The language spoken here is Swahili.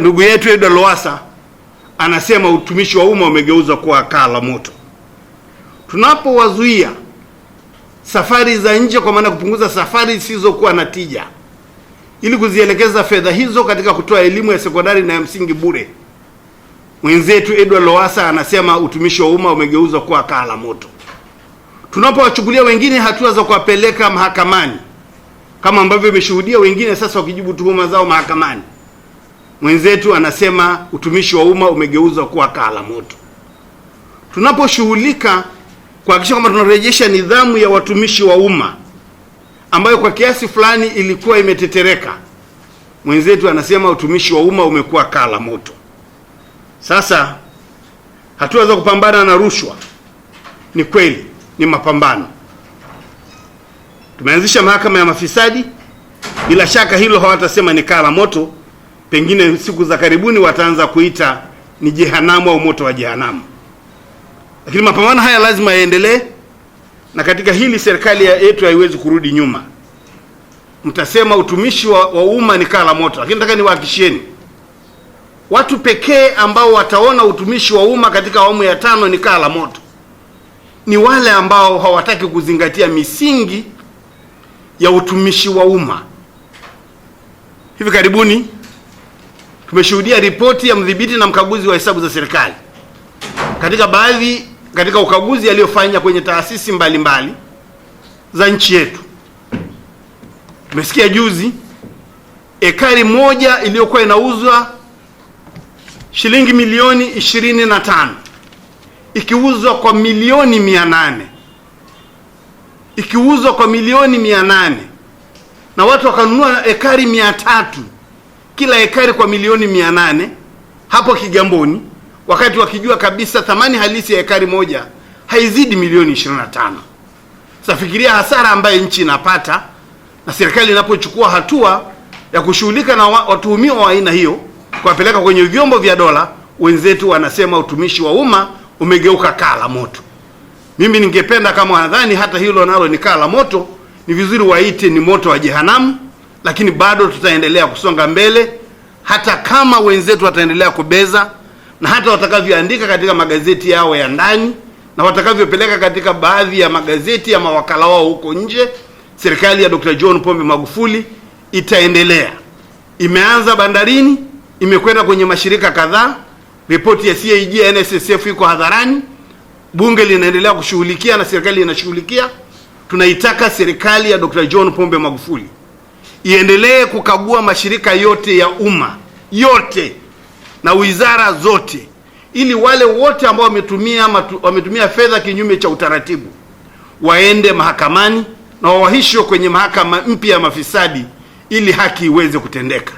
ndugu yetu Edward Lowassa anasema utumishi wa umma umegeuzwa kuwa kaa la moto. Tunapowazuia safari za nje, kwa maana kupunguza safari zisizokuwa na tija, ili kuzielekeza fedha hizo katika kutoa elimu ya sekondari na ya msingi bure, mwenzetu Edward Lowassa anasema utumishi wa umma umegeuzwa kuwa kaa la moto. Tunapowachukulia wengine hatua za kuwapeleka mahakamani, kama ambavyo imeshuhudia wengine sasa wakijibu tuhuma zao mahakamani mwenzetu anasema utumishi wa umma umegeuzwa kuwa kaa la moto. Tunaposhughulika kuhakikisha kwamba tunarejesha nidhamu ya watumishi wa umma ambayo kwa kiasi fulani ilikuwa imetetereka, mwenzetu anasema utumishi wa umma umekuwa kaa la moto. Sasa hatua za kupambana na rushwa, ni kweli ni mapambano. Tumeanzisha mahakama ya mafisadi, bila shaka hilo hawatasema ni kala moto, pengine siku za karibuni wataanza kuita ni jehanamu au moto wa jehanamu. Lakini mapambano haya lazima yaendelee, na katika hili serikali yetu haiwezi kurudi nyuma. Mtasema utumishi wa, wa umma ni kaa la moto, lakini nataka niwahakishieni watu pekee ambao wataona utumishi wa umma katika awamu ya tano ni kaa la moto ni wale ambao hawataki kuzingatia misingi ya utumishi wa umma. Hivi karibuni tumeshuhudia ripoti ya mdhibiti na mkaguzi wa hesabu za serikali katika baadhi katika ukaguzi aliyofanya kwenye taasisi mbalimbali za nchi yetu. Tumesikia juzi ekari moja iliyokuwa inauzwa shilingi milioni ishirini na tano ikiuzwa kwa milioni mia nane ikiuzwa kwa milioni mia nane na watu wakanunua ekari mia tatu kila ekari kwa milioni mia nane hapo Kigamboni, wakati wakijua kabisa thamani halisi ya ekari moja haizidi milioni 25. Sasa hasara ambayo nchi inapata na serikali inapochukua hatua ya kushughulika na watuhumiwa wa aina hiyo, kuwapeleka kwenye vyombo vya dola. Wenzetu wanasema utumishi wa umma umegeuka kaa la moto. Mimi ningependa kama wanadhani hata hilo nalo ni kaa la moto, ni vizuri waite ni moto wa jehanamu, lakini bado tutaendelea kusonga mbele hata kama wenzetu wataendelea kubeza na hata watakavyoandika katika magazeti yao ya ndani na watakavyopeleka katika baadhi ya magazeti ya mawakala wao huko nje, serikali ya Dr. John Pombe Magufuli itaendelea. Imeanza bandarini, imekwenda kwenye mashirika kadhaa. Ripoti ya CAG NSSF iko hadharani, bunge linaendelea kushughulikia na serikali inashughulikia. Tunaitaka serikali ya Dr. John Pombe Magufuli iendelee kukagua mashirika yote ya umma yote na wizara zote, ili wale wote ambao wametumia wametumia fedha kinyume cha utaratibu waende mahakamani na wawahishwe kwenye mahakama mpya ya mafisadi ili haki iweze kutendeka.